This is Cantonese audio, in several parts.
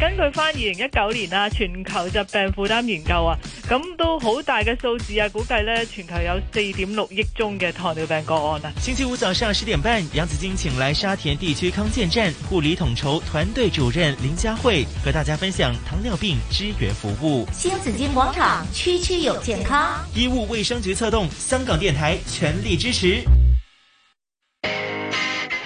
根據翻二零一九年啊，全球疾病負擔研究啊，咁都好大嘅數字啊，估計咧全球有四點六億宗嘅糖尿病個案啊。星期五早上十點半，楊紫晶請來沙田地區康健站護理統籌團隊主任林嘉慧，和大家分享糖尿病支援服務。新紫晶廣場區區有健康，醫務衛生局策動，香港電台全力支持。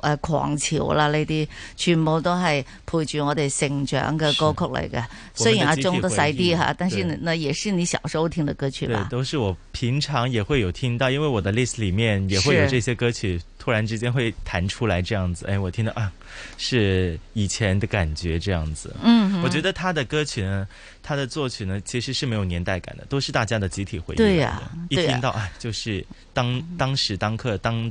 啊！狂潮啦，呢啲全部都係陪住我哋成長嘅歌曲嚟嘅。雖然阿鐘都細啲吓，但是那也是你小時候聽嘅歌曲啦。對，都是我平常也會有聽到，因為我的 list 裏面也會有這些歌曲，是突然之間會彈出來，這樣子，哎，我聽到啊，是以前的感覺，這樣子。嗯哼，我覺得他的歌曲呢，他的作曲呢，其實是沒有年代感的，都是大家的集體回憶、啊。對呀、啊，一聽到，啊、哎，就是當當時當刻當。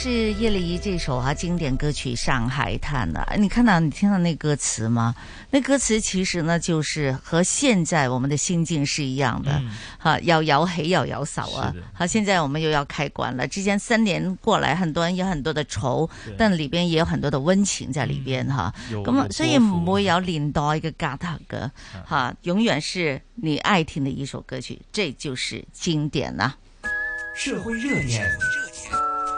是葉麗儀這首哈、啊、經典歌曲《上海灘》的、啊哎，你看到、啊、你聽到那歌詞嗎？那歌詞其實呢，就是和現在我們的心境是一樣的。嗯、哈，要搖黑，要搖掃啊！好的，現在我們又要開關了。之前三年過來，很多人也有很多的愁，對但裏邊也有很多的温情在裏邊、嗯、哈。咁所以唔會領導一個隔閡嘅，哈，啊、永遠是你愛聽的一首歌曲，這就是經典啊，社會熱點。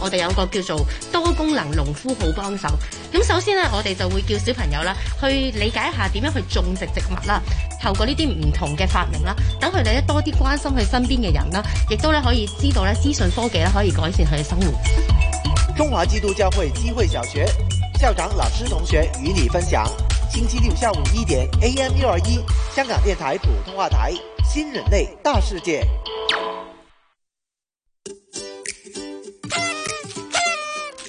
我哋有個叫做多功能農夫好幫手。咁首先呢，我哋就會叫小朋友啦，去理解一下點樣去種植植物啦。透過呢啲唔同嘅發明啦，等佢哋咧多啲關心佢身邊嘅人啦，亦都咧可以知道咧資訊科技咧可以改善佢嘅生活。中華基督教會基會小學校長老師同學與你分享，星期六下午一點 AM 六二一，香港電台普通話台《新人類大世界》。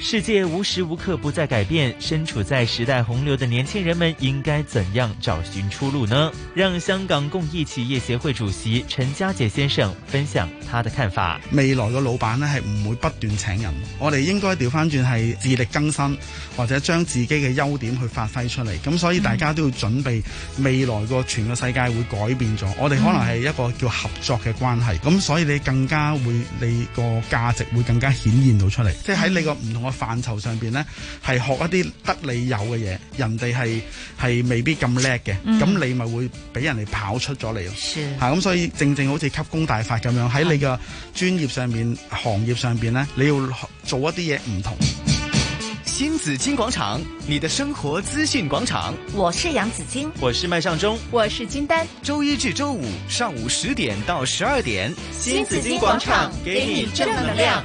世界無時無刻不在改變，身處在時代洪流的年輕人們應該怎樣找尋出路呢？讓香港共益企業協會主席陳家杰先生分享他的看法。未來嘅老闆呢，係唔會不斷請人，我哋應該調翻轉，係自力更生，或者將自己嘅優點去發揮出嚟。咁所以大家都要準備，未來個全個世界會改變咗，我哋可能係一個叫合作嘅關係。咁所以你更加會你個價值會更加顯現到出嚟，即係喺你個唔同，範疇上邊呢，係學一啲得你有嘅嘢，人哋係係未必咁叻嘅，咁、嗯、你咪會俾人哋跑出咗嚟咯。吓是，咁、啊、所以正正好似吸功大法咁樣，喺你嘅專業上面、行業上邊呢，你要做一啲嘢唔同。新紫晶廣場，你的生活資訊廣場。我是楊紫晶，我是麥尚中，我是金丹。周一至周五上午十點到十二點，新紫晶廣場，給你正能量。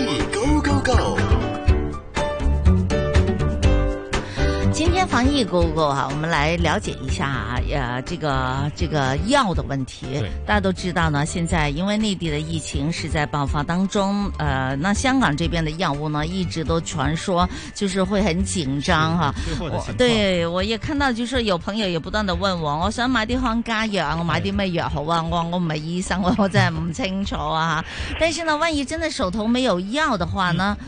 易哥哥哈，我們來了解一下啊，也、呃、這個這個藥的問題。對大家都知道呢，現在因為內地的疫情是在爆發當中，呃，那香港這邊的藥物呢，一直都傳說就是會很緊張哈。我對我也看到，就是有朋友也不斷地問我，我想買啲抗加藥啊，我買啲咩藥好啊？我我唔係醫生，我我真係唔清楚啊。但是呢，萬一真的手頭沒有藥的話呢？嗯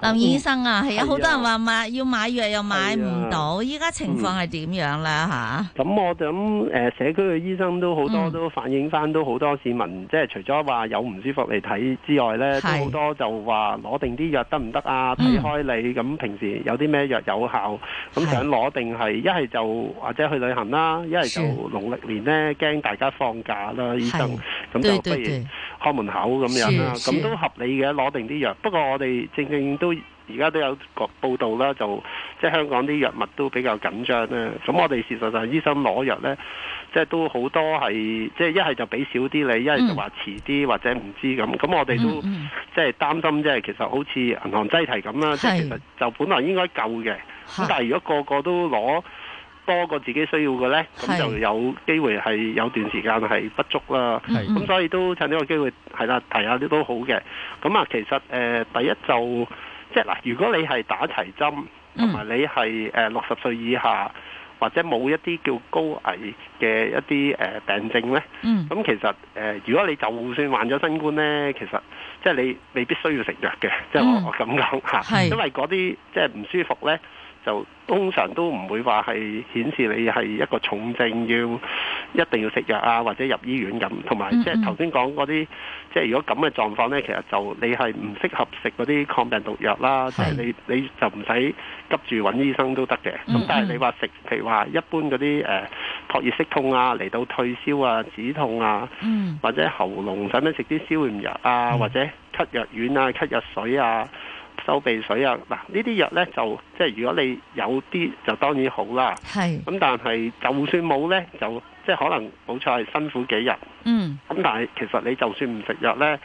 林醫生啊，係啊，好多人話買要買藥又買唔到，依家情況係點樣啦嚇？咁我諗誒社區嘅醫生都好多都反映翻，都好多市民即係除咗話有唔舒服嚟睇之外呢，都好多就話攞定啲藥得唔得啊？睇開你咁平時有啲咩藥有效咁想攞定，係一係就或者去旅行啦，一係就農曆年呢驚大家放假啦，醫生咁就不如。看門口咁樣啦，咁都合理嘅攞定啲藥。不過我哋正正都而家都有個報道啦，就即係香港啲藥物都比較緊張啦。咁、嗯、我哋事實上醫生攞藥呢，即係都好多係即係一係、嗯、就俾少啲你，一係就話遲啲或者唔知咁。咁我哋都即係、嗯嗯、擔心即係其實好似銀行擠提咁啦，是即係其實就本來應該夠嘅，咁是但係如果個個都攞。多過自己需要嘅呢，咁就有機會係有段時間係不足啦。咁所以都趁呢個機會係啦，提下啲都好嘅。咁啊，其實誒、呃、第一就即係嗱，如果你係打齊針，同埋你係誒六十歲以下或者冇一啲叫高危嘅一啲誒、呃、病症呢，咁、嗯、其實誒、呃、如果你就算患咗新冠呢，其實即係、就是、你未必需要食藥嘅，即係我咁講嚇，是因為嗰啲即係唔舒服呢。就通常都唔會話係顯示你係一個重症，要一定要食藥啊，或者入醫院咁。同埋即係頭先講嗰啲，即係如果咁嘅狀況咧，其實就你係唔適合食嗰啲抗病毒藥啦。即係是你你就唔使急住揾醫生都得嘅。咁、嗯、但係你話食，譬如話一般嗰啲誒撲熱息痛啊，嚟到退燒啊、止痛啊，嗯、或者喉嚨使唔使食啲消炎藥啊，嗯、或者咳藥丸啊、咳藥水啊？收鼻水啊！嗱，呢啲藥咧就即係如果你有啲就當然好啦。係是。咁但係就算冇咧，就即係可能冇錯係辛苦幾日。嗯。咁但係其實你就算唔食藥咧，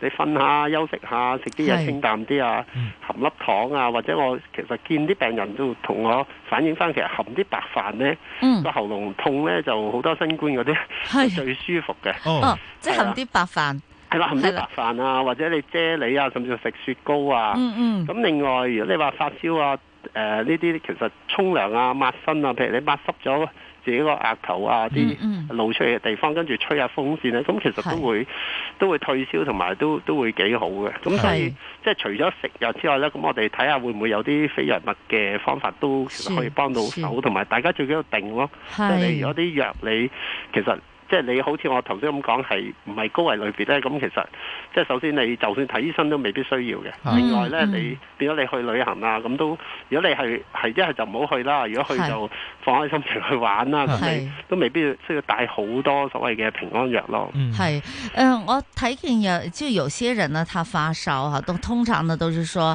你瞓下、嗯、休息下，食啲嘢清淡啲啊，是含粒糖啊，或者我其實見啲病人就同我反映翻，其實含啲白飯咧，個、嗯、喉嚨痛咧就好多新冠嗰啲，是最舒服嘅。哦，即係、哦、的含啲白飯。係啦，冚啲白飯啊，或者你啫喱啊，甚至食雪糕啊。嗯嗯。咁另外，如果你話發燒啊，誒呢啲其實沖涼啊、抹身啊，譬如你抹濕咗自己個額頭啊、啲露出嚟嘅地方，跟住、嗯嗯、吹下風扇咧，咁其實都會的都會退燒，同埋都都會幾好嘅。咁所以是的即係除咗食藥之外咧，咁我哋睇下會唔會有啲非藥物嘅方法都可以幫到手，同埋大家最緊要定咯。的即係你有啲藥，你其實。即係你好似我頭先咁講係唔係高危類別咧？咁其實即係首先你就算睇醫生都未必需要嘅。另外咧，你變咗你去旅行啊咁都，如果你係係一係就唔好去啦。如果去就放開心情去玩啦，都未是都未必需要帶好多所謂嘅平安藥咯。係，嗯，我睇見有即係有些人呢，他發燒哈，都通常呢都是說。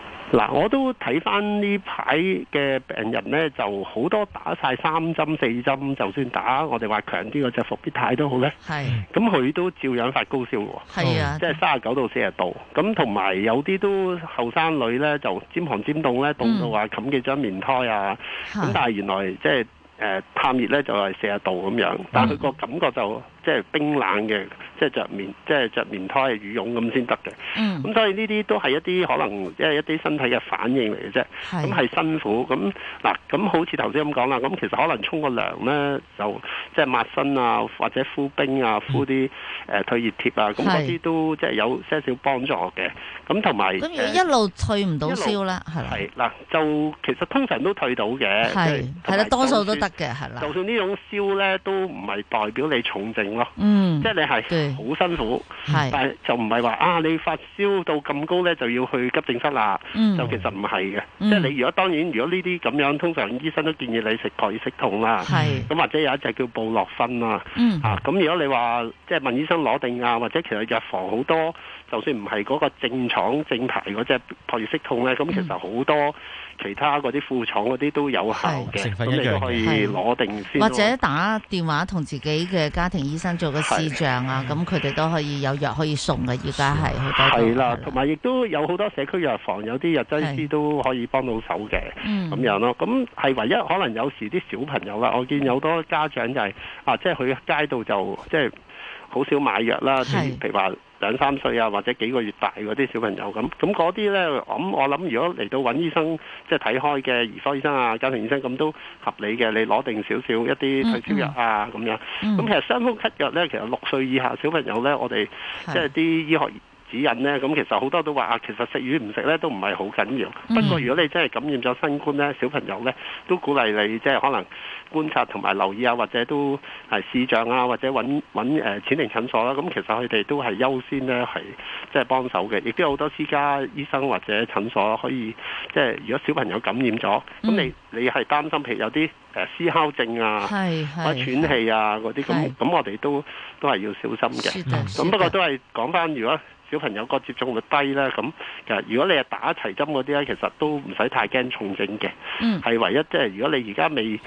嗱，我都睇翻呢排嘅病人咧，就好多打晒三針四針，就算打我哋話強啲嘅隻復必泰都好咧。咁佢是都照樣發高燒喎。啊，即係三啊九到四十度。咁同埋有啲都後生女咧，就尖寒尖凍咧，凍到話冚、嗯、幾張棉胎啊。咁是但係原來即係誒、呃、探熱咧，就係四十度咁樣，但佢個感覺就～、嗯即係冰冷嘅，即係着棉，即係着棉胎、嘅羽絨咁先得嘅。咁、嗯、所以呢啲都係一啲可能，即係一啲身體嘅反應嚟嘅啫。咁係是辛苦。咁嗱，咁好似頭先咁講啦。咁其實可能沖個涼咧，就即係抹身啊，或者敷冰啊，敷啲誒、嗯呃、退熱貼啊。係。咁嗰啲都即係有些少幫助嘅。咁同埋。咁、嗯、如果一路退唔到燒咧，係路。係嗱的，就其實通常都退到嘅。係的。係啦，多數都得嘅，係啦。就算呢種燒咧，都唔係代表你重症。咯，嗯，即係你係好辛苦，係對，但係就唔係話啊你發燒到咁高咧就要去急症室啦，嗯、就其實唔係嘅，嗯、即係你如果當然如果呢啲咁樣，通常醫生都建議你食撲熱息痛啦、啊，係是，咁或者有一隻叫布洛芬啦、啊，嗯，咁、啊、如果你話即係問醫生攞定啊，或者其實藥房好多，就算唔係嗰個正廠正牌嗰隻撲熱息痛咧，咁、嗯、其實好多。其他嗰啲副廠嗰啲都有效嘅，咁你都可以攞定先、啊。或者打電話同自己嘅家庭醫生做個視像啊，咁佢哋都可以有藥可以送嘅。而家係好多。係啦的，同埋亦都有好多社區藥房，有啲藥劑師的都可以幫到手嘅，咁的樣咯。咁係唯一可能有時啲小朋友啦，我見有多家長就係、是、啊，即係去街道就即係。好少買藥啦，譬如話兩三歲啊，或者幾個月大嗰啲小朋友咁，咁嗰啲呢，我我諗如果嚟到揾醫生，即係睇開嘅兒科醫生啊、家庭醫生咁都合理嘅，你攞定少少一啲退燒藥啊咁、嗯、樣。咁、嗯、其實傷風咳藥呢，其實六歲以下小朋友呢，我哋即係啲醫學指引呢，咁其實好多都話啊，其實食魚唔食呢都唔係好緊要。嗯、不過如果你真係感染咗新冠呢，小朋友呢都鼓勵你即係可能觀察同埋留意啊，或者都係視像啊，或者揾揾誒指定診所啦。咁其實佢哋都係優先呢，係即係幫手嘅，亦都有好多私家醫生或者診所可以即係如果小朋友感染咗，咁、嗯、你你係擔心譬如有啲誒嘶哮症啊，或者喘氣啊嗰啲咁，咁我哋都都係要小心嘅。咁不過都係講返如果。小朋友個接種率低啦，咁其實如果你係打齊針嗰啲咧，其實都唔使太驚重症嘅，係、嗯、唯一即係如果你而家未。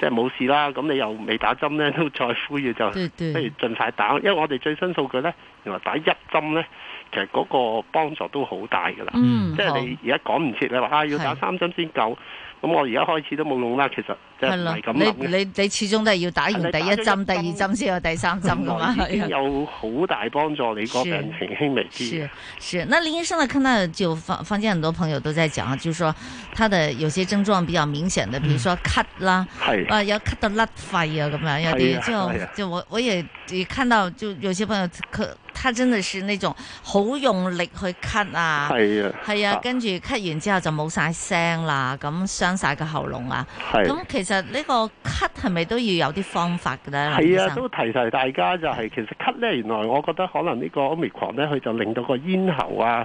即係冇事啦，咁你又未打針咧，都再呼籲就不如盡快打，因為我哋最新數據咧，原來打一針咧，其實嗰個幫助都好大噶啦。嗯，即係你而家趕唔切，你話啊要打三針先夠，咁我而家開始都冇用啦。其實係咁你、你、你始終都係要打完第一針、第二針先有第三針噶嘛。有好大幫助，你個病情輕微啲。是那林醫生呢，看到就坊坊間很多朋友都在講，就是說他的有些症狀比較明顯的，譬如說咳啦。啊，有咳到甩肺啊，咁樣有啲就就我我也也看到，就有些朋友佢。他真係算呢種好用力去咳啊，係啊，係啊，跟住咳完之後就冇晒聲啦，咁傷晒個喉嚨啊。係，咁其實呢個咳係咪都要有啲方法嘅咧？係啊，都提提大家就係，其實咳咧，原來我覺得可能呢個 Omicron 咧，佢就令到個咽喉啊，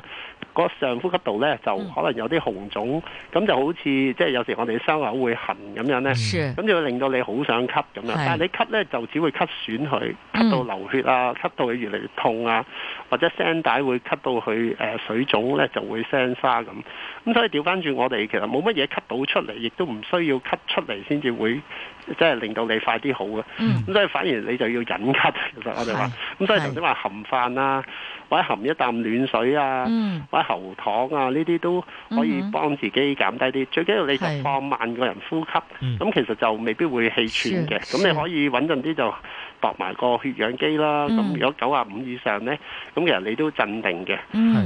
個上呼吸道咧就可能有啲紅腫，咁就好似即係有時我哋嘅傷口會痕咁樣咧，咁就會令到你好想咳咁樣，但係你咳咧就只會咳損佢，咳到流血啊，咳到佢越嚟越痛。啊，或者聲帶會咳到去、呃、水腫咧，就會聲沙咁。咁所以調翻轉我哋其實冇乜嘢咳到出嚟，亦都唔需要咳出嚟先至會，即係令到你快啲好嘅。咁、嗯、所以反而你就要忍咳。其實我哋話，咁是所以頭先話含飯啊，或者含一啖暖水啊，嗯、或者喉糖啊，呢啲都可以幫自己減低啲。嗯、最緊要你就放慢個人呼吸，咁是其實就未必會氣喘嘅。咁你可以穩陣啲就。搏埋個血氧機啦，咁、 嗯、如果九啊五以上呢，咁其實你都鎮定嘅。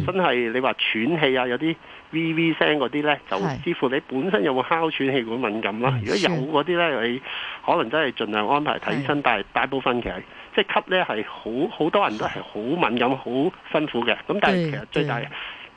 真係是你話喘氣啊，有啲 V V 聲嗰啲呢，就似乎你本身有冇哮喘氣管敏感啦、啊。是如果有嗰啲呢，你可能真係盡量安排睇醫生。是但係大部分其實即係吸呢，係好好多人都係好敏感、好是辛苦嘅。咁但係其實最大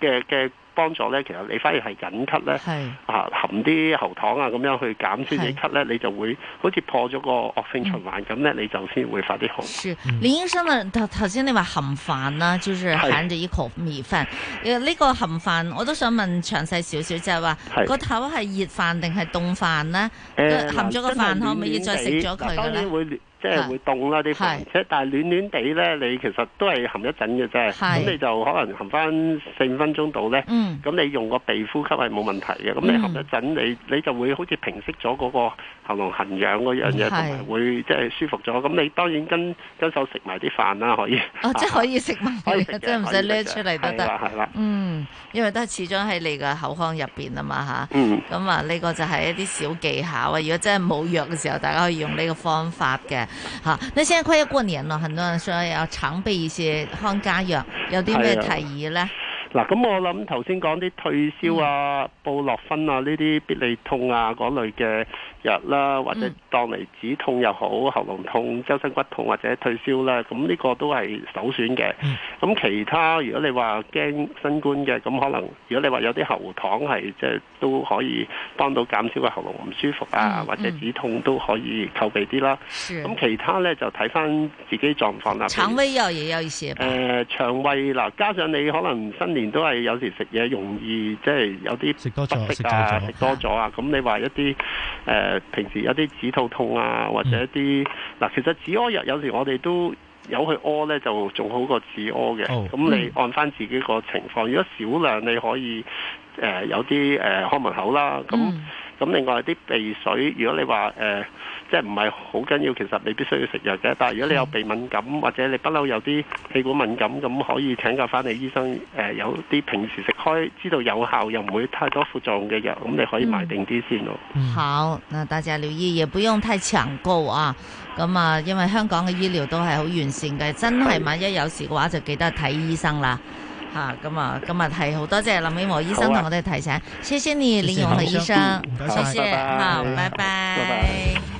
嘅嘅幫助咧，其實你反而係緊咳咧，是啊含啲喉糖啊咁樣去減少啲咳咧，是你就會好似破咗個惡性循環咁咧，嗯、你就先會發啲紅。是，林醫生啊，頭先你話含飯啦，就是含著一口米飯。呢是個含飯，我都想問詳細少少，就係話個頭係熱飯定係凍飯咧？呃、含咗個飯可唔可以再食咗佢咧？即係會凍啦啲風，即但係暖暖地咧，你其實都係含一陣嘅啫。咁你就可能含翻四五分鐘度咧。咁你用個鼻呼吸係冇問題嘅。咁你含一陣，你你就會好似平息咗嗰個喉嚨痕癢嗰樣嘢，同埋會即係舒服咗。咁你當然跟跟手食埋啲飯啦，可以。哦，即係可以食埋，即係唔使拎出嚟都得。嗯，因為都係始終喺你個口腔入邊啊嘛嚇。咁啊，呢個就係一啲小技巧。如果真係冇藥嘅時候，大家可以用呢個方法嘅。好，那現在快要過年了，很多人說要常備一些康家藥，有啲咩提議咧？哎呀嗱，咁我諗頭先講啲退燒啊、嗯、布洛芬啊、呢啲必利痛啊嗰類嘅藥啦，或者當嚟止痛又好，嗯、喉嚨痛、周身骨痛或者退燒啦，咁、這、呢個都係首選嘅。咁、嗯、其他如果你話驚新冠嘅，咁可能如果你話有啲喉糖係即係都可以幫到減少個喉嚨唔舒服啊，嗯、或者止痛都可以購備啲啦。咁是其他呢，就睇翻自己狀況啦。腸胃藥也要一些。誒、呃，腸胃嗱，加上你可能不新年都係有時食嘢容易，即係有啲食多咗食多咗啊！咁、啊啊、你話一啲、呃、平時有啲止肚痛啊，或者一啲嗱、嗯啊，其實止屙藥有時我哋都有去屙呢，就仲好過止屙嘅。咁、哦、你按翻自己個情況，嗯、如果少量你可以、呃、有啲誒開門口啦。咁咁、嗯、另外啲鼻水，如果你話即係唔係好緊要？其實你必須要食藥嘅。但係如果你有鼻敏感、嗯、或者你不嬲有啲氣管敏感，咁可以請教翻你醫生。誒、呃，有啲平時食開知道有效又唔會太多副作用嘅藥，咁你可以先買定啲先咯。嗯嗯、好，那大家留意，也不用太搶購啊。咁啊，因為香港嘅醫療都係好完善嘅，真係萬一有事嘅話，就記得睇醫生啦。嚇、啊，咁啊，今日係好多謝林永和醫生同我哋提醒。啊、謝謝你，林永和醫生。好，好，謝謝拜拜，好，拜拜。拜拜。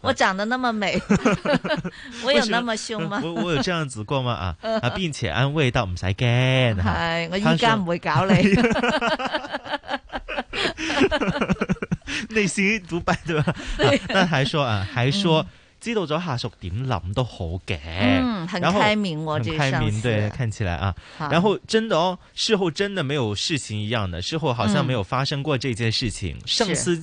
我長得那麼美，我有那麼凶嗎？我我有這樣子過嗎？啊並且安慰到唔使驚，哎，我而家唔會搞你。內心獨白對吧？但還說啊，還說知道咗下屬點諗都好嘅，嗯，很開明喔，這上司對，看起來啊，然後真的哦，事後真的沒有事情一樣的，事後好像沒有發生過這件事情，上司。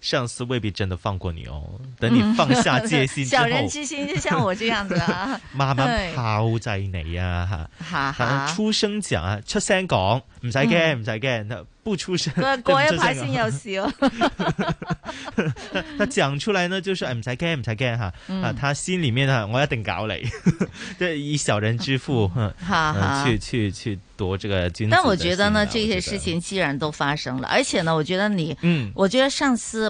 上司未必真的放過你哦。等你放下戒心之後，小人之心就像我這樣子啊，慢慢拋在你呀哈。哈哈，出聲講啊，出聲講，唔使驚，唔使驚，不出聲，過一排先有事哦。他講出來呢，就是唔使驚，唔使驚哈。啊，他心裏面呢，我一定搞你，這以小人之腹，去去去奪這個。但我覺得呢，這些事情既然都發生了，而且呢，我覺得你，嗯，我覺得上司。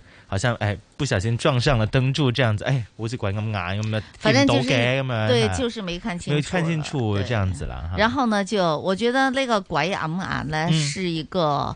好像哎，不小心撞上了燈柱這樣子哎，我是拐個眼，咁樣聽懂嘅，咁、就是、對，就是沒看清楚，沒看清楚對這樣子了，然後呢，就我覺得那個拐眼、啊、眼呢、嗯、是一個。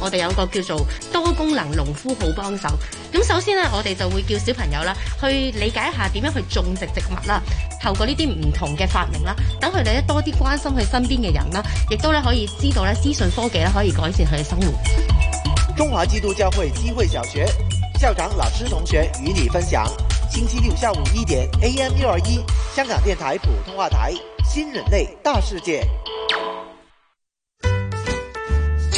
我哋有個叫做多功能農夫好幫手。咁首先呢，我哋就會叫小朋友啦，去理解一下點樣去種植植植物啦。透過呢啲唔同嘅發明啦，等佢哋咧多啲關心佢身邊嘅人啦，亦都咧可以知道咧資訊科技咧可以改善佢嘅生活。中華基督教會基會小學校長老師同學與你分享，星期六下午一點 AM 六二一，香港電台普通話台《新人類大世界》。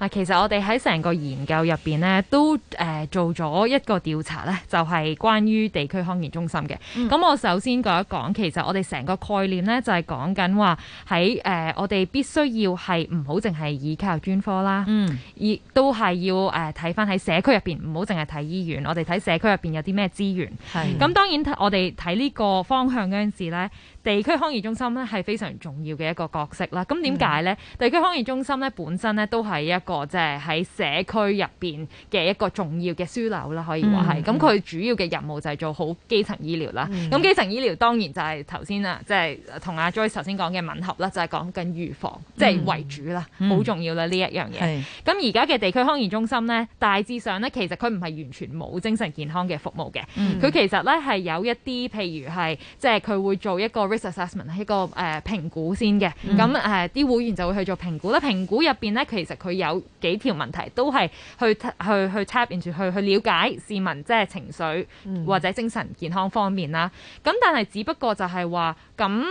嗱，其實我哋喺成個研究入面咧，都、呃、做咗一個調查咧，就係、是、關於地區康健中心嘅。咁、嗯、我首先講一講，其實我哋成個概念咧，就係講緊話喺我哋必須要係唔好淨係依靠專科啦，嗯，亦都係要睇翻喺社區入面，唔好淨係睇醫院，我哋睇社區入面有啲咩資源。咁的當然我哋睇呢個方向嗰陣時咧，地區康健中心咧係非常重要嘅一個角色啦。咁點解咧？Mm hmm. 地區康健中心咧本身咧都係一個即係喺社區入邊嘅一個重要嘅樞紐啦，可以話係。咁佢、mm hmm. 主要嘅任務就係做好基層醫療啦。咁、mm hmm. 基層醫療當然就係頭先啊，即係同阿 Joy 頭先講嘅吻合啦，就係講緊預防即係、就是、為主啦，好、mm hmm. 重要啦呢一樣嘢。咁而家嘅地區康健中心咧，大致上咧其實佢唔係完全冇精神健康嘅服務嘅。佢、mm hmm. 其實咧係有一啲譬如係即係佢會做一個。Risk assessment 係一個呃、評估先嘅，咁誒啲會員就會去做評估啦。評估入邊咧，其實佢有幾條問題都係去去去 tap，跟住去去了解市民即係情緒或者精神健康方面啦。咁但係只不過就係話。咁。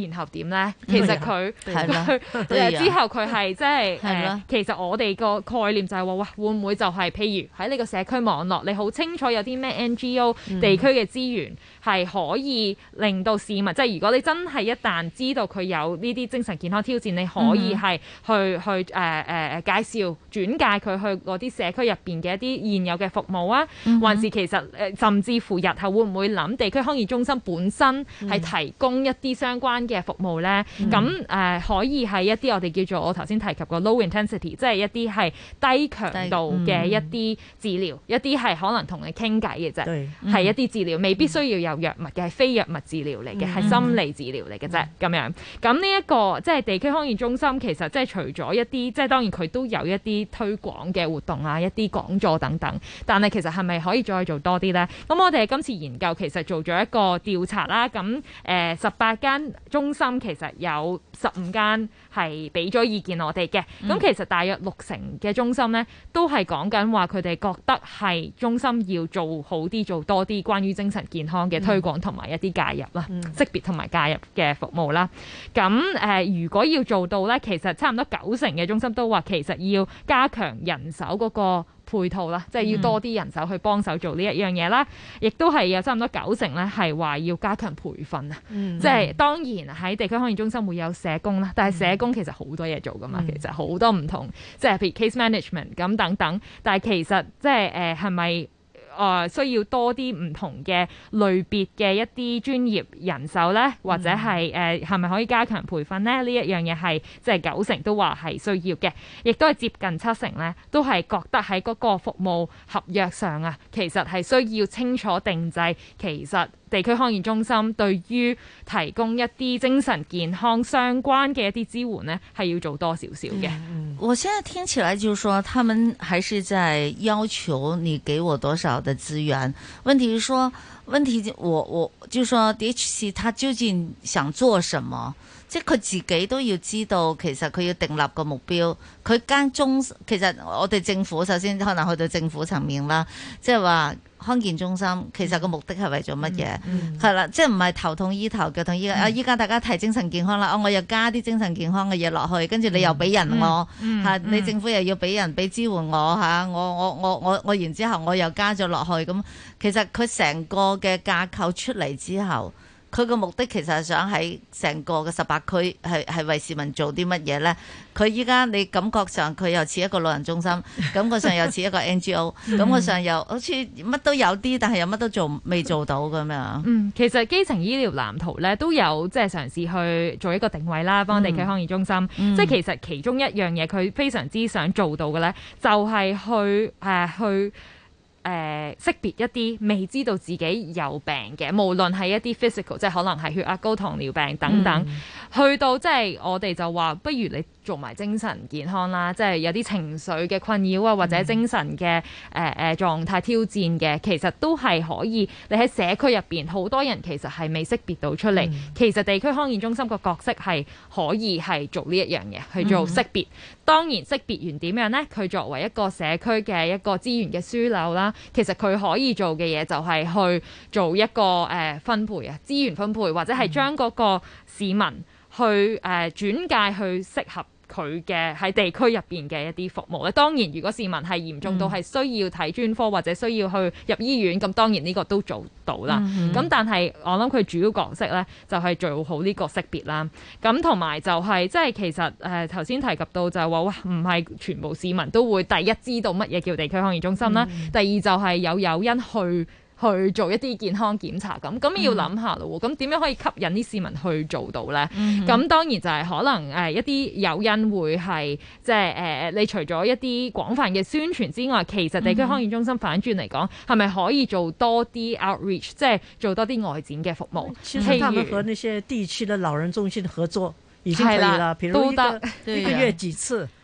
然後點咧？其實佢佢之後佢係即係誒，其實我哋個概念就係、是、話哇會唔會就係、是、譬如，喺你個社區網絡，你好清楚有啲咩 NGO 地區嘅資源係可以令到市民，嗯、即係如果你真係一旦知道佢有呢啲精神健康挑戰，你可以係去、嗯、去誒誒誒介紹轉介佢去嗰啲社區入邊嘅一啲現有嘅服務啊，嗯、哼還是其實誒、呃、甚至乎日後會唔會諗，地區康議中心本身係提供一啲相關。嘅服務咧，咁誒、嗯呃、可以係一啲我哋叫做我頭先提及過 low intensity，即係一啲係低強度嘅一啲治療，嗯、一啲係可能同你傾偈嘅啫，係、嗯、一啲治療，未必需要有藥物嘅，係非藥物治療嚟嘅，係、嗯、心理治療嚟嘅啫咁樣。咁呢一個即係地區康院中心康健，其實即係除咗一啲，即、就、係、是、當然佢都有一啲推廣嘅活動啊，一啲講座等等。但係其實係咪可以再做多啲咧？咁我哋今次研究其實做咗一個調查啦。咁誒，十、呃、八間。中心其實有十五間係俾咗意見我哋嘅，咁、嗯、其實大約六成嘅中心咧，都係講緊話佢哋覺得係中心要做好啲、做多啲關於精神健康嘅推廣同埋一啲介入啦、嗯、識別同埋介入嘅服務啦。咁、呃、如果要做到咧，其實差唔多九成嘅中心都話，其實要加強人手嗰個配套啦，即係要多啲人手去幫手做呢一樣嘢啦，嗯、亦都係有差唔多九成咧係話要加強培訓啊。嗯、即係當然喺地區康健中心會有社工啦，但係社工其實好多嘢做噶嘛，其實好多唔同，即係譬如 case management 咁等等。但係其實即係誒係咪？呃是誒、呃、需要多啲唔同嘅類別嘅一啲專業人手呢？或者係誒係咪可以加強培訓呢？呢一樣嘢係即係九成都話係需要嘅，亦都係接近七成呢都係覺得喺嗰個服務合約上啊，其實係需要清楚定制。其實。地區康健中心對於提供一啲精神健康相關嘅一啲支援呢，係要做多少少嘅、嗯。我現在聽起來，就是說，他們還是在要求你給我多少的資源。問題是說，說問題我，我我就是說，DHC 他究竟想做什麼？即係佢自己都要知道，其實佢要訂立個目標。佢間中，其實我哋政府首先可能去到政府層面啦，即係話康健中心其實個目的係為咗乜嘢？係啦、嗯嗯，即係唔係頭痛醫頭，腳痛醫頭啊，依家、嗯、大家提精神健康啦、啊，我又加啲精神健康嘅嘢落去，跟住你又俾人我嚇你政府又要俾人俾支援我嚇、啊，我我我我我然之後我又加咗落去，咁其實佢成個嘅架構出嚟之後。佢個目的其實係想喺成個嘅十八區係係為市民做啲乜嘢呢？佢依家你感覺上佢又似一個老人中心，感覺上又似一個 NGO，感覺上又好似乜都有啲，但係又乜都做未做到咁樣。嗯，其實基層醫療藍圖呢，都有即係嘗試去做一個定位啦，幫地區康健中心。嗯、即係其實其中一樣嘢，佢非常之想做到嘅呢，就係去誒去。啊去誒識別一啲未知道自己有病嘅，無論係一啲 physical，即係可能係血壓高、糖尿病等等，嗯、去到即係我哋就話，不如你。做埋精神健康啦，即係有啲情緒嘅困擾啊，或者精神嘅誒誒狀態挑戰嘅，其實都係可以。你喺社區入邊，好多人其實係未識別到出嚟。嗯、其實地區康健中心個角色係可以係做呢一樣嘢去做識別。嗯、當然識別完點樣咧？佢作為一個社區嘅一個資源嘅樞紐啦，其實佢可以做嘅嘢就係去做一個誒分配啊，資源分配，或者係將嗰個市民。嗯去誒、呃、轉介去適合佢嘅喺地區入面嘅一啲服務咧。當然，如果市民係嚴重到係需要睇專科或者需要去入醫院，咁當然呢個都做到啦。咁、嗯、哼但係我諗佢主要角色咧就係做好呢個識別啦。咁同埋就係即係其實誒頭先提及到就係話哇唔係全部市民都會第一知道乜嘢叫地區康健中心啦。嗯、第二就係有有因去去做一啲健康檢查咁，咁要諗下咯喎，咁點、嗯、樣可以吸引啲市民去做到咧？咁、嗯、哼當然就係可能誒一啲誘因會係即係誒，你除咗一啲廣泛嘅宣傳之外，其實地區康健中心反轉嚟講，係咪、嗯、可以做多啲 outreach，即係做多啲外展嘅服務？其實佢哋和呢些地區嘅老人中心合作已經可以啦，如了譬如一個了一個月幾次。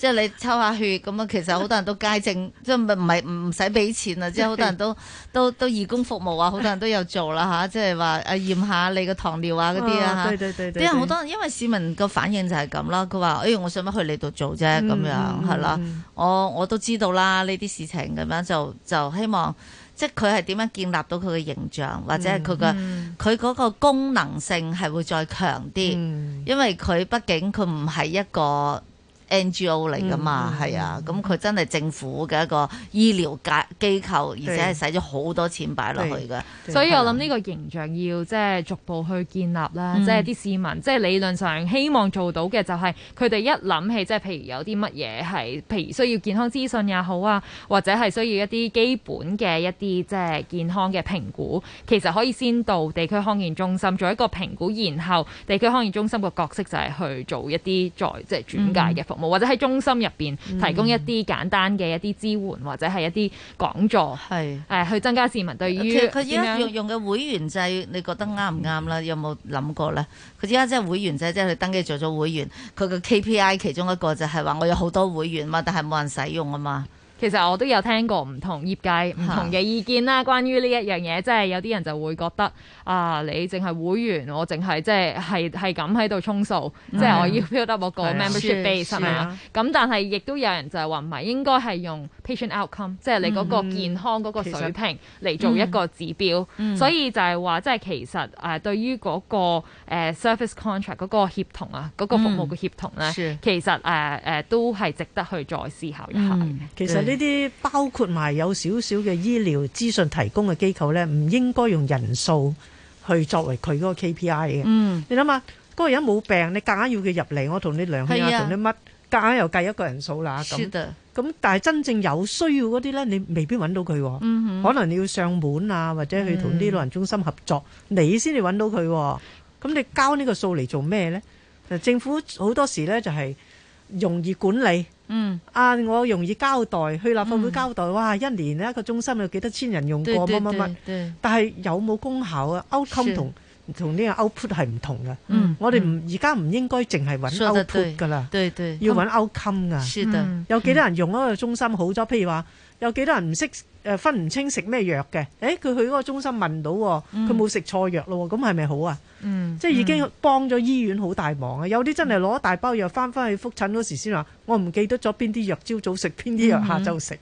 即係你抽下血咁啊，其實好多人都街症，即係唔係唔使俾錢啊！即係好多人都都都義工服務啊，好多人都有做啦吓，即係話誒驗下你嘅糖尿啊嗰啲啊因為好多，因為市民嘅反應就係咁啦，佢話誒我想乜去你度做啫咁樣係、嗯嗯、啦，我我都知道啦呢啲事情咁樣就就希望即係佢係點樣建立到佢嘅形象，嗯、或者係佢嘅佢嗰個功能性係會再強啲，嗯、因為佢畢竟佢唔係一個。N.G.O 嚟噶嘛，係、嗯、啊，咁佢、嗯、真係政府嘅一個醫療機構，嗯、而且係使咗好多錢擺落去嘅。所以我諗呢個形象要即係逐步去建立啦，即係啲市民，即係理論上希望做到嘅就係佢哋一諗起，即係譬如有啲乜嘢係，譬如需要健康資訊也好啊，或者係需要一啲基本嘅一啲即係健康嘅評估，其實可以先到地區康健中心做一個評估，然後地區康健中心嘅角色就係去做一啲再即係轉介嘅服務。嗯或者喺中心入邊提供一啲簡單嘅一啲支援、嗯、或者係一啲講座，誒是、呃、去增加市民對於其實佢依家用用嘅會員制，你覺得啱唔啱啦？有冇諗過咧？佢依家即係會員制，即係佢登記做咗會員，佢嘅 KPI 其中一個就係話我有好多會員嘛，但係冇人使用啊嘛。其實我都有聽過唔同業界唔同嘅意見啦，關於呢一樣嘢，嗯、即係有啲人就會覺得啊，你淨係會員，我淨係即係係係咁喺度充數，嗯、即係我要 build up 個 membership base 啊。咁但係亦都有人就係話唔係，應該係用 patient outcome，嗯、即係你嗰個健康嗰個水平嚟做一個指標。嗯嗯、所以就係話，即係其實誒對於嗰個 service contract 嗰個協同啊，嗰、嗰個服務嘅協同咧，嗯、其實誒誒、呃、都係值得去再思考一下。嗯、其實、嗯。呢啲包括埋有少少嘅醫療資訊提供嘅機構呢，唔應該用人數去作為佢嗰個 KPI 嘅。嗯，你諗下，嗰個人冇病，你夾硬要佢入嚟，我同你量下，同、啊、你乜，夾硬又計一個人數啦。咁的，但係真正有需要嗰啲呢，你未必揾到佢。嗯哼，可能你要上門啊，或者去同啲老人中心合作，嗯、你先至揾到佢。咁你交呢個數嚟做咩呢？政府好多時呢，就係容易管理。嗯，啊，我容易交代，去立法會交代，嗯、哇，一年一個中心有幾多千人用過乜乜乜，但係有冇功效啊？outcome 是 out 同同呢個 output 係唔同嘅。嗯嗯、我哋唔而家唔應該淨係揾 output 㗎啦，對要揾 outcome 啊。嗯、有幾多人用嗰個中心好咗？譬的、嗯、如話，有幾多人唔識？分唔清食咩藥嘅？誒佢去嗰個中心問到，佢冇食錯藥咯，咁係咪好啊？嗯，即係已經幫咗醫院好大忙啊！有啲真係攞大包藥返返去覆診嗰時先話，我唔記得咗邊啲藥朝早食邊啲藥下晝食，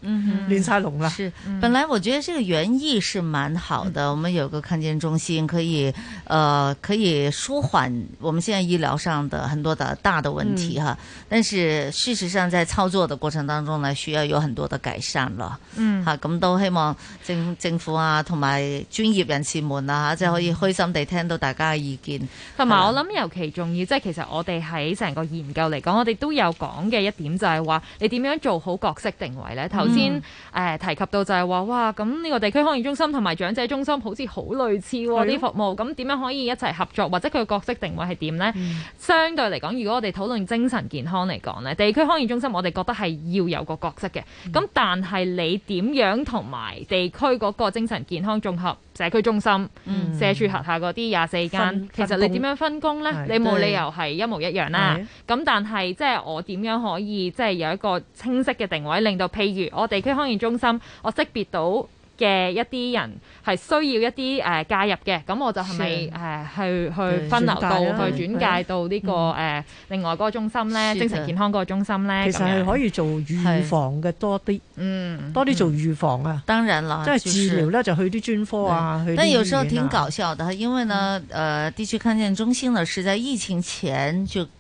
亂晒龍啦！本來我覺得這個原意是蠻好的。我們有個康健中心，可以，呃，可以舒緩我們現在醫療上的很多的大的問題哈。但是事實上，在操作的過程當中呢，需要有很多的改善了。嗯，咁都。都希望政政府啊，同埋專業人士們啊，即係可以開心地聽到大家嘅意見。同埋我諗尤其重要，即係吧其實我哋喺成個研究嚟講，我哋都有講嘅一點就係話你點樣做好角色定位咧？頭先誒提及到就係話哇咁呢個地區康健中心同埋長者中心好似好類似喎啲服務，咁點的樣可以一齊合作，或者佢嘅角色定位係點咧？嗯、相對嚟講，如果我哋討論精神健康嚟講咧，地區康健中心我哋覺得係要有個角色嘅。咁、嗯、但係你點樣同？同埋地區嗰個精神健康綜合社區中心、嗯、社署轄下嗰啲廿四間，其實你點樣分工咧？對你冇理由係一模一樣啦。咁但係即係我點樣可以即係、就是、有一個清晰嘅定位，令到譬如我地區康健中心，我識別到。嘅一啲人係需要一啲、呃、介入嘅，咁我就係咪是、呃、去去分流到轉、啊、去轉介到呢、這個對、呃、另外嗰個中心咧，的精神健康嗰個中心咧？其實係可以做預防嘅多啲，嗯，多啲做預防啊。當然啦，即係是、就是、治療咧就去啲專科啊，對去啊。但有時候挺搞笑的，因為呢，呃、地區康健中心呢是在疫情前就。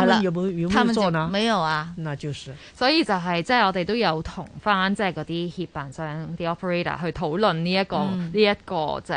係啦，他們有冇有冇做呢？沒有啊，那就是。所以就係即係我哋都有同翻即係啲協辦商啲 operator、嗯、去討論呢一個呢一個，這個、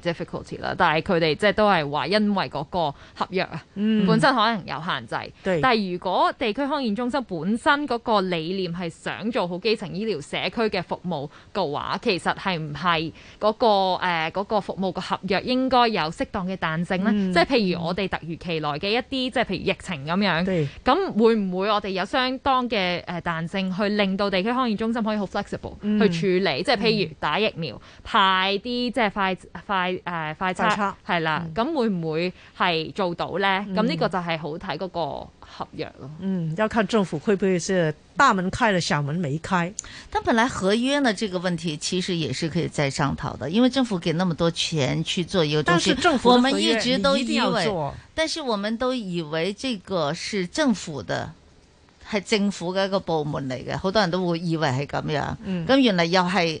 difficulty，即係即係 d i f f i c u l t y 啦。但係佢哋即係都係話，因為嗰個合約啊，嗯、本身可能有限制。對但係如果地區康健中心本身嗰個理念係想做好基層醫療社區嘅服務嘅話，其實係唔係個誒、呃嗰個服務嘅合約應該有適當嘅彈性咧？嗯、即係譬如我哋突如其來嘅一啲即係譬如疫情。咁樣，咁會唔會我哋有相當嘅誒彈性去令到地區康健中心可以好 flexible、嗯、去處理，即係譬如打疫苗、派啲即係快快誒、呃、快測係啦，咁會唔會係做到咧？咁呢個就係好睇嗰、嗰個。合約咯，嗯，要看政府會不會是大門開了小門沒開。但本來合約呢這個問題其實也是可以再商討的，因為政府給那麼多錢去做一個東西，但是政府我們一直都以為，但是我們都以為這個是政府的，是政府嘅一個部門嚟嘅，好多人都會以為係咁樣，咁、嗯、咁原來又係。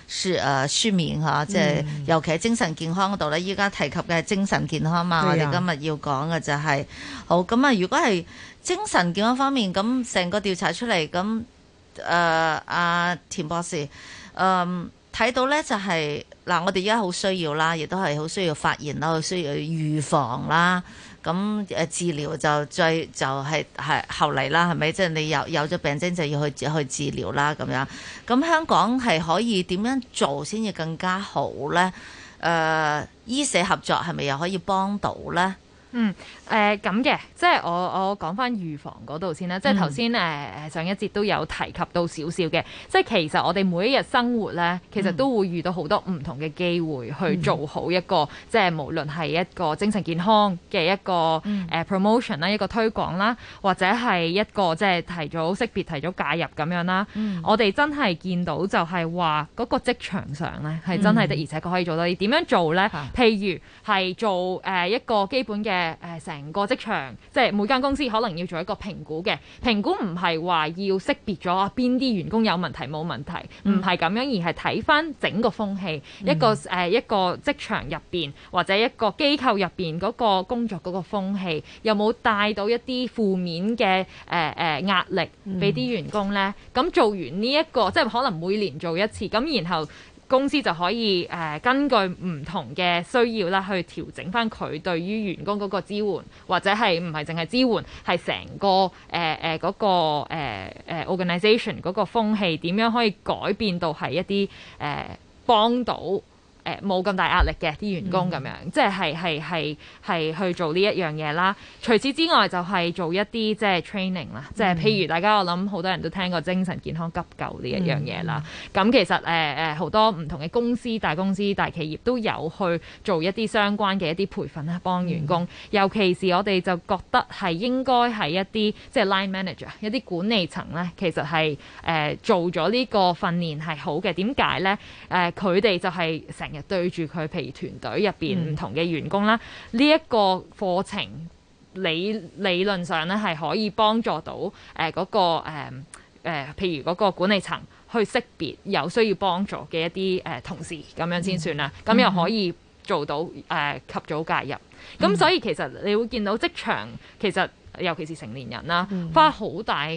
書誒、啊、書面即係尤其係精神健康度咧。依家提及嘅係精神健康、嗯就是、啊，我哋今日要講嘅就係好咁啊。如果係精神健康方面，咁成個調查出嚟咁誒，阿、呃啊、田博士誒睇、呃、到咧就係、是、嗱，我哋而家好需要啦，亦都係好需要發現啦，好需要預防啦。咁誒治療就最就係係後嚟啦，係咪？即係你有有咗病徵就要去去治療啦，咁樣。咁香港係可以點樣做先至更加好咧？誒，醫社合作係咪又可以幫到咧？嗯，誒、呃，咁嘅，即係我我講翻預防嗰度先啦，嗯、即係頭先誒上一節都有提及到少少嘅，即係其實我哋每一日生活咧，嗯、其實都會遇到好多唔同嘅機會去做好一個、嗯、即係無論係一個精神健康嘅一個誒 promotion 啦，嗯呃、promotion, 一個推廣啦，或者係一個即係提早識別提早介入咁樣啦。嗯、我哋真係見到就係話嗰個職場上咧係真係的，而且確可以做到啲點、嗯、樣做咧？哈譬如係做誒、呃、一個基本嘅。誒誒，成、呃、個職場即係每間公司可能要做一個評估嘅，評估唔係話要識別咗邊啲員工有問題冇問題，唔係咁樣，而係睇翻整個風氣、嗯呃，一個誒一個職場入邊或者一個機構入邊嗰個工作嗰個風氣，有冇帶到一啲負面嘅誒誒壓力俾啲員工咧？咁、嗯、做完呢、這、一個，即係可能每年做一次，咁然後。公司就可以誒、呃、根據唔同嘅需要啦去調整翻佢對於員工嗰個支援，或者係唔係淨係支援，係成個誒誒嗰個誒誒 organization 嗰個風氣點樣可以改變到係一啲誒幫到。誒冇咁大壓力嘅啲員工咁樣，嗯、即係係係係去做呢一樣嘢啦。除此之外，就係做一啲即係 training 啦，即係、嗯、譬如大家我諗好多人都聽過精神健康急救呢一樣嘢啦。咁、嗯、其實誒誒好多唔同嘅公司、大公司、大企業都有去做一啲相關嘅一啲培訓啦，幫員工。嗯、尤其是我哋就覺得係應該係一啲即係 line manager、一啲管理層咧，其實係誒、呃、做咗呢個訓練係好嘅。點解咧？誒佢哋就係成。對住佢，譬如團隊入邊唔同嘅員工啦，呢一、嗯、個課程理理論上咧係可以幫助到誒嗰、呃那個誒誒、呃，譬如嗰個管理層去識別有需要幫助嘅一啲誒、呃、同事咁樣先算啦，咁又可以做到誒、嗯呃、及早介入。咁、嗯、所以其實你會見到職場其實尤其是成年人啦，嗯、花好大。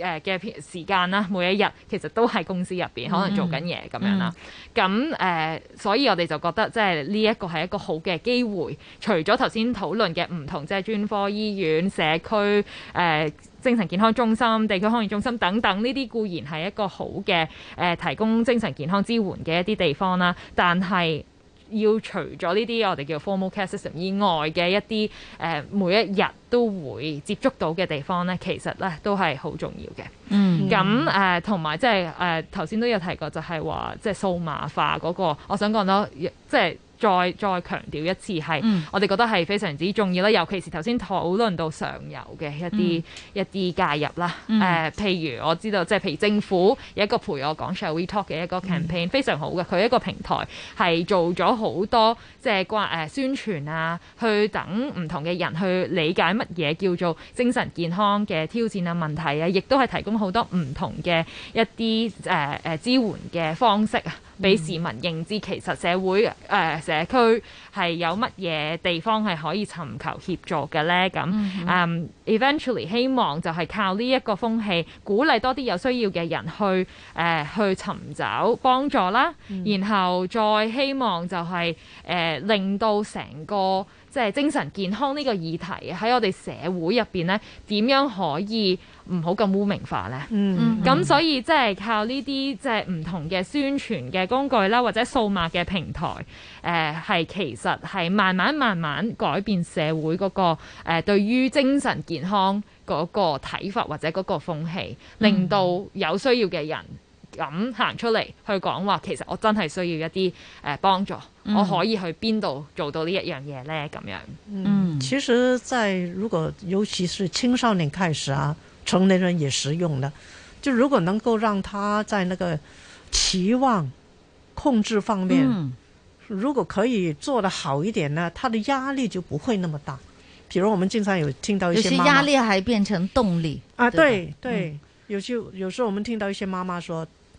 誒嘅時間啦，每一日其實都喺公司入邊可能做緊嘢咁樣啦。咁誒、mm hmm. 呃，所以我哋就覺得即係呢一個係一個好嘅機會。除咗頭先討論嘅唔同，即係專科醫院、社區、誒、呃、精神健康中心、地區康健中心等等，呢啲固然係一個好嘅誒、呃、提供精神健康支援嘅一啲地方啦，但係，要除咗呢啲我哋叫 formal care system 以外嘅一啲誒、呃、每一日都會接觸到嘅地方咧，其實咧都係好重要嘅。嗯，咁誒同埋即係誒頭先都有、就是呃、提過就是說，就係話即係數碼化嗰、那個，我想講到即係。就是再再強調一次係，我哋覺得係非常之重要啦，嗯、尤其是頭先討論到上游嘅一啲、嗯、一啲介入啦、嗯呃。譬如我知道，即係譬如政府有一個陪我講 Shall We Talk 嘅一個 campaign，嗯、非常好嘅。佢一個平台係做咗好多，即係關誒宣傳啊，去等唔同嘅人去理解乜嘢叫做精神健康嘅挑戰啊、問題啊，亦都係提供好多唔同嘅一啲、呃、支援嘅方式俾市民認知，其實社會、呃、社區係有乜嘢地方係可以尋求協助嘅咧？咁、mm hmm. um, eventually 希望就係靠呢一個風氣，鼓勵多啲有需要嘅人去、呃、去尋找幫助啦，mm hmm. 然後再希望就係、呃、令到成個。即係精神健康呢個議題喺我哋社會入邊咧，點樣可以唔好咁污名化咧？咁、mm hmm. 所以即係靠呢啲即係唔同嘅宣傳嘅工具啦，或者數碼嘅平台，誒、呃、係其實係慢慢慢慢改變社會嗰、嗰個誒、呃、對於精神健康嗰個睇法或者嗰個風氣，令到有需要嘅人，咁行出嚟去講話，其實我真係需要一啲、呃、幫助，嗯、我可以去邊度做到這一事呢一樣嘢咧？咁樣嗯，其實在如果尤其是青少年開始啊，成年人也適用的。就如果能夠讓他在那個期望控制方面，嗯、如果可以做得好一點呢，他的壓力就不會那麼大。比如我們經常有聽到一些媽媽有壓力，還變成動力啊！對吧？對，嗯、有些有時候我們聽到一些媽媽說。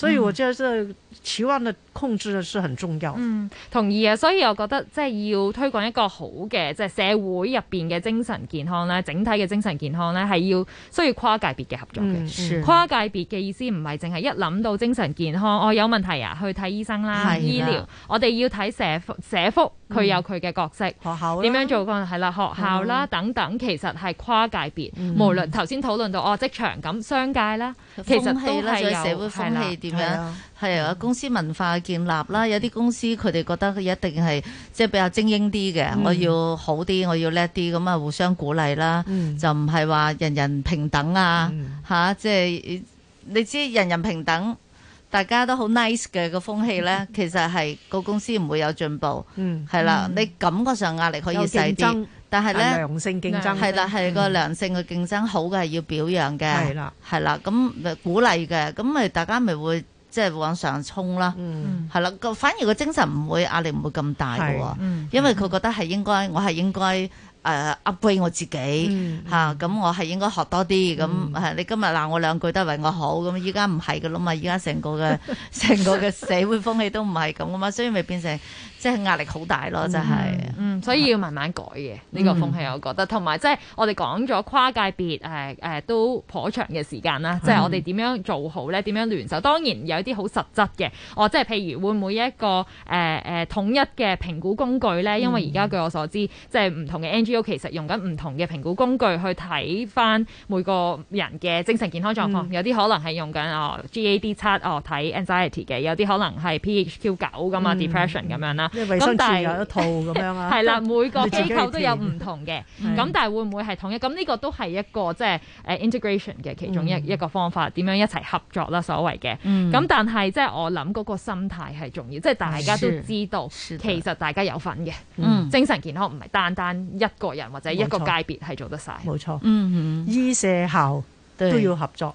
所以我覺得呢個期望的控制是很重要的。嗯，同意啊，所以我覺得即係要推廣一個好嘅，即、就、係、是、社會入邊嘅精神健康啦，整體嘅精神健康咧係要需要跨界別嘅合作嘅。嗯、跨界別嘅意思唔係淨係一諗到精神健康，我、哦、有問題啊，去睇醫生啦，的醫療。我哋要睇社社福，佢有佢嘅角色。嗯、學校點樣做個係啦？學校啦等等，其實係跨界別，嗯、無論頭先討論到哦，職場咁商界啦，啦其實都係有係咁樣係啊，公司文化建立啦，嗯、有啲公司佢哋覺得一定係即係比較精英啲嘅、嗯，我要好啲，我要叻啲，咁啊互相鼓勵啦，嗯、就唔係話人人平等啊嚇，即係、嗯啊就係、你知人人平等，大家都好 nice 嘅個風氣咧，嗯、其實係個公司唔會有進步，係啦，你感覺上壓力可以細啲。但係咧，係良性競爭，係啦，係個良性嘅競爭好的，好嘅係要表揚嘅，係啦、嗯，係啦，咁咪鼓勵嘅，咁咪大家咪會即係往上衝啦，係啦、嗯，反而個精神唔會壓力唔會咁大嘅喎，嗯、因為佢覺得係應該，我係應該誒、uh, upgrade 我自己吓，咁、嗯嗯、我係應該學多啲，咁、嗯、你今日鬧我兩句都係為我好，咁依家唔係嘅啦嘛，依家成個嘅成 個嘅社會風氣都唔係咁嘅嘛，所以咪變成。即係壓力好大咯，真係、嗯。即係、嗯，所以要慢慢改嘅呢是個風氣，嗯、我覺得。同埋即係我哋講咗跨界別，誒、呃、誒、呃、都頗長嘅時間啦。嗯、即係我哋點樣做好咧？點樣聯手？當然有啲好實質嘅。哦，即係譬如會唔會一個誒誒、呃、統一嘅評估工具咧？因為而家據我所知，嗯、即係唔同嘅 NGO 其實用緊唔同嘅評估工具去睇返每個人嘅精神健康狀況。嗯、有啲可能係用緊哦 GAD 七哦睇 anxiety 嘅，有啲可能係 PHQ 九咁啊 depression 咁樣啦。咁但係，係啦， 每個機構都有唔同嘅。咁但係會唔會係統一？咁呢個都係一個即係誒 integration 嘅其中一一個方法，點、嗯、樣一齊合作啦？所謂嘅。咁、嗯、但係即係我諗嗰個心態係重要，即、就、係、是、大家都知道，其實大家有份嘅。嗯、精神健康唔係單單一個人或者一個界別係做得晒。冇錯，冇錯，嗯哼，醫社校都要合作。